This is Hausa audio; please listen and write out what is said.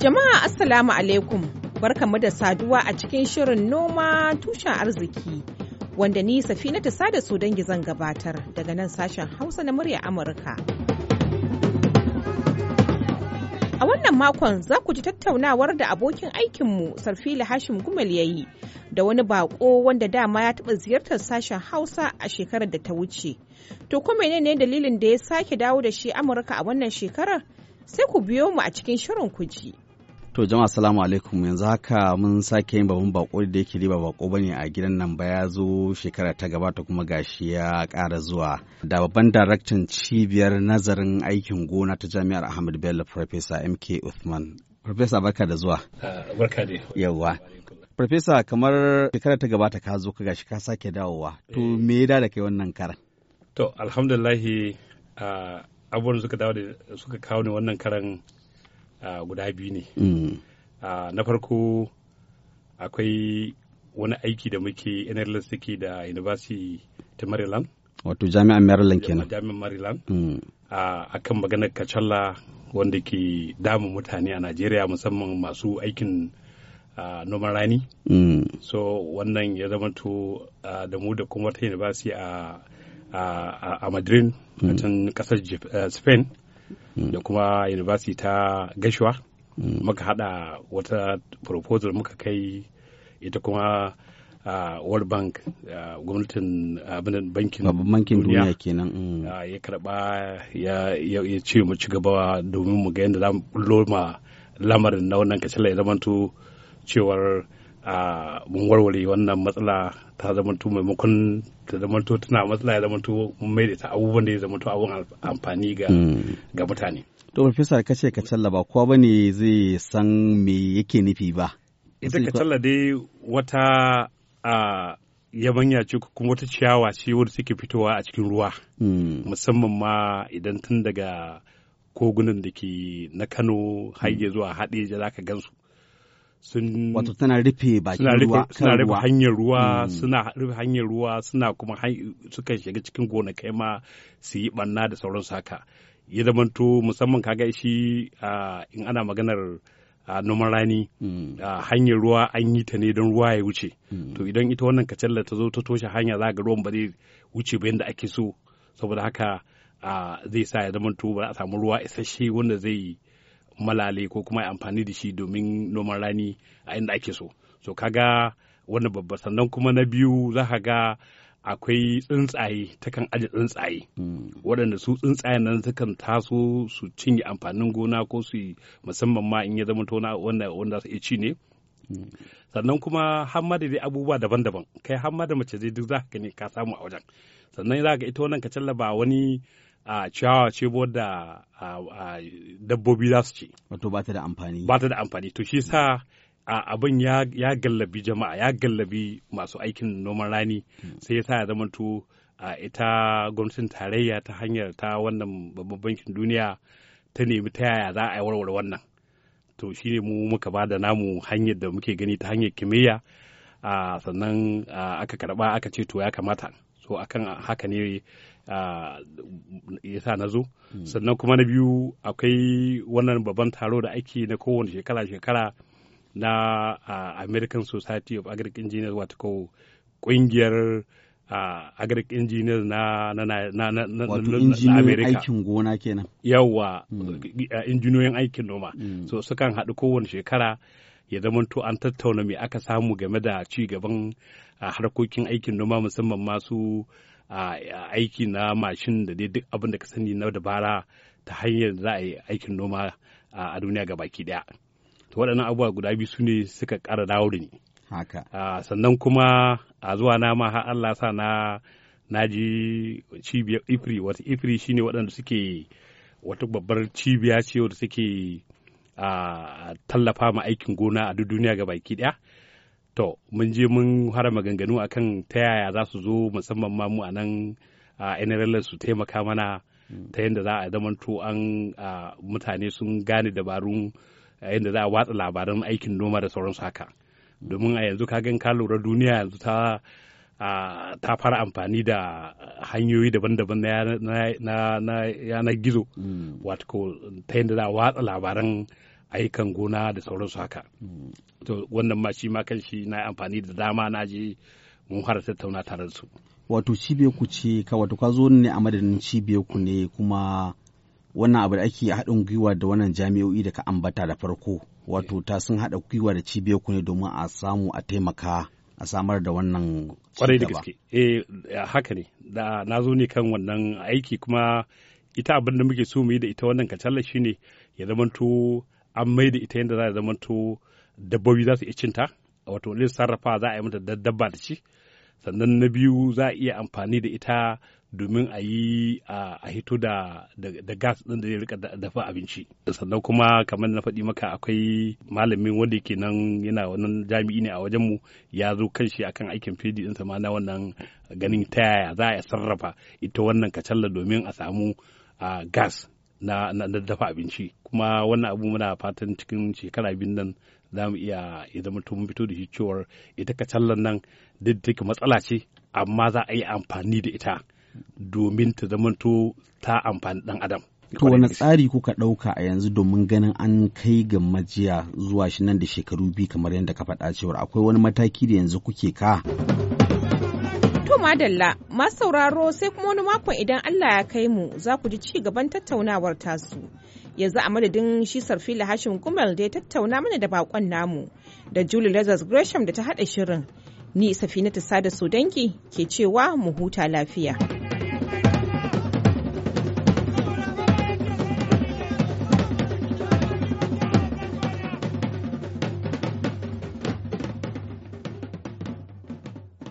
Jama'a Assalamu alaikum barkamu da saduwa a cikin shirin noma tushen arziki wanda ni safina ta sada su dangi zan gabatar daga nan sashen Hausa na murya Amurka. A wannan makon za ku ji tattaunawar da abokin aikinmu Sarfila Hashim Gumel ya yi da wani bako wanda dama ya taɓa ziyartar sashen Hausa a shekarar da ta wuce. To kuma menene dalilin da ya sake dawo da shi Amurka a wannan shekarar? sai ku biyo mu a cikin shirin ku ji. To jama'a salamu alaikum yanzu haka mun sake yin babban bako da yake riba bako bane a gidan nan ba ya zo shekara ta gabata kuma gashi ya ƙara zuwa. Da babban daraktan cibiyar nazarin aikin gona ta jami'ar Ahmed Bello Professor MK Uthman. Professor barka da zuwa. Ah, barka da yawa. Professor kamar shekara ta gabata ka zo ka gashi ka sake dawowa. To eh. me ya da kai wannan karan? To alhamdulillahi ah, abubuwan suka dawo da suka kawo ni wannan karan Ah, guda biyu ne mm. ah, na farko akwai wani aiki da muke nls take da university ta maryland wato jami'an maryland kenan jami'an maryland mm. a ah, kan maganar kacalla wanda ke damu mutane a najeriya musamman masu aikin Uh, noman rani. Mm. So wannan ya zama to uh, da mu da kuma wata university a uh, a Madrid a mm. can kasar eh, Spain. da kuma university ta gashuwa muka hada wata proposal muka kai ita kuma World Bank gwamnatin bankin duniya kenan mm. ya karba ya ce mu ci gaba domin mu ga yadda za mu lamarin na wannan kacala ya zamanto cewar a mun warware wannan matsala ta zamanto maimakon ta zamanto tana matsala ya zamanto mai da ta abubuwan da ya zamanto abun amfani hmm. ga mutane. To Profesa ka ce ka ba kowa bane zai san me yake nufi ba. Ita ka challa dai wata a yabanya ce kuma wata ciyawa ce wadda take fitowa a cikin ruwa. Hmm. Musamman ma idan tun daga kogunan da ke na Kano har zuwa haɗe za ka gansu. sun wato tana rufe bakin ruwa suna rufe hanyar ruwa hmm. suna rufe hanyar ruwa suna kuma suka shiga cikin gonakai ma su yi banna da sauran haka ya zamanto musamman kaga shi in ana maganar a noman rani hmm. hanyar ruwa an yi ta ne don ruwa ya wuce hmm. to idan ita wannan kacalla ta zo ta toshe hanya za ga ruwan ba zai wuce ba yadda ake so saboda haka zai sa ya zama to ba a samu ruwa isasshe wanda zai malale ko kuma amfani da shi domin noman rani a inda ake so so ka ga wani babba sannan kuma na biyu za ka ga akwai tsuntsaye ta kan aje tsuntsaye hmm. waɗanda su tsuntsayen nan sukan taso su cinye amfanin gona ko su musamman ma in ya zama tona wanda wanda su ci ne hmm. sannan kuma hamma da dai abubuwa daban-daban kai hamma da mace zai duk za ka gani ka samu a wajen sannan za ka ita wannan kacalla ba wani a ciyawa ce wadda dabbobi za su ce. Wato ba ta da amfani. Ba ta da amfani. To shi sa abin ya gallabi jama'a ya gallabi masu aikin noman rani hmm. sai ya sa ya ita gwamnatin tarayya ta hanyar ta wannan babban bankin duniya ta nemi ta yaya za a yi warware wannan. To shi ne mu muka ba da namu hanyar da muke gani ta hanyar kimiyya sannan aka karba aka ce to ya kamata. so akan haka ne ya sa na zo hmm. sannan kuma na biyu akwai wannan babban taro da ake na kowane shekara-shekara na american society of agric engineers wata ko kungiyar agric engineers na na na na aikin gona kenan yawa hmm. injiniyoyin aikin noma hmm. so sukan haɗu kowane shekara ya zamanto an tattauna me aka samu game da ci gaban harkokin aikin noma musamman masu aiki na mashin da dai duk abin da ka sani na dabara ta hanyar za a yi aikin noma a duniya ga baki daya to waɗannan abubuwa guda biyu su ne suka ƙara dawo da sannan kuma a zuwa na ma har Allah sa na na cibiyar ifri wata ifri shine waɗanda suke wata babbar cibiya ce wadda suke a tallafa ma aikin gona a duk duniya ga baki ɗaya. To, mun je mun hara maganganu akan ta yaya za su zo musamman ma mu a nan a NRL su taimaka mana ta yadda za a zamanto an mutane sun gane dabarun yadda za a watsa labaran aikin noma da sauransu haka. Domin a yanzu kagan ka lura duniya yanzu ta ta fara amfani da hanyoyi daban-daban na yanar gizo mm. wato ta yadda za a watsa labaran ayyukan gona da sauransu haka mm. to wannan ma shi ma shi na amfani da dama na je mun har tattauna tare da su wato cibiyar ku ce ka wato ka zo ne a madadin cibiyar ku ne kuma wannan abu da ake haɗin gwiwa da wannan jami'o'i da ka ambata da farko eh. wato ta sun haɗa gwiwa da cibiyar ku ne domin a samu a taimaka a samar da wannan kwarai da gaske eh haka ne da na zo ne kan wannan aiki kuma ita abin da muke so mu yi da ita wannan kacallar shine ya zamanto an mai da ita yadda za a zamanto dabbobi za su iya cinta wato lissarrafa sarrafa za a yi mata dabba da shi sannan na biyu za a iya amfani da ita domin a yi a hito da da gas ɗin da zai rika dafa abinci sannan kuma kamar na faɗi maka akwai malamin wanda yake nan yana wannan jami'i ne a wajenmu ya zo kanshi shi akan aikin fidi ɗinsa ma na wannan ganin ta yaya za a sarrafa ita wannan kacalla domin a samu gas na, dafa abinci kuma wannan abu muna fatan cikin shekara biyu nan za mu iya ya zama mun fito da shi cewar ita kacallan nan duk matsala ce amma za a yi amfani da ita domin ta zamanto ta amfani dan adam. To wani tsari kuka ɗauka a yanzu domin ganin an kai ga majiya zuwa shi nan da shekaru biyu kamar yadda ka faɗa cewar akwai wani mataki da yanzu kuke ka. To madalla masu sauraro sai kuma wani makon idan Allah ya kai mu za ku ji ci gaban tattaunawar tasu. Yanzu a madadin shi Sarfila Hashim kumal da ya tattauna mana da bakon namu da Julie Lazarus Gresham da ta haɗa shirin. Ni Safinatu Sada Sodanki ke cewa mu huta lafiya.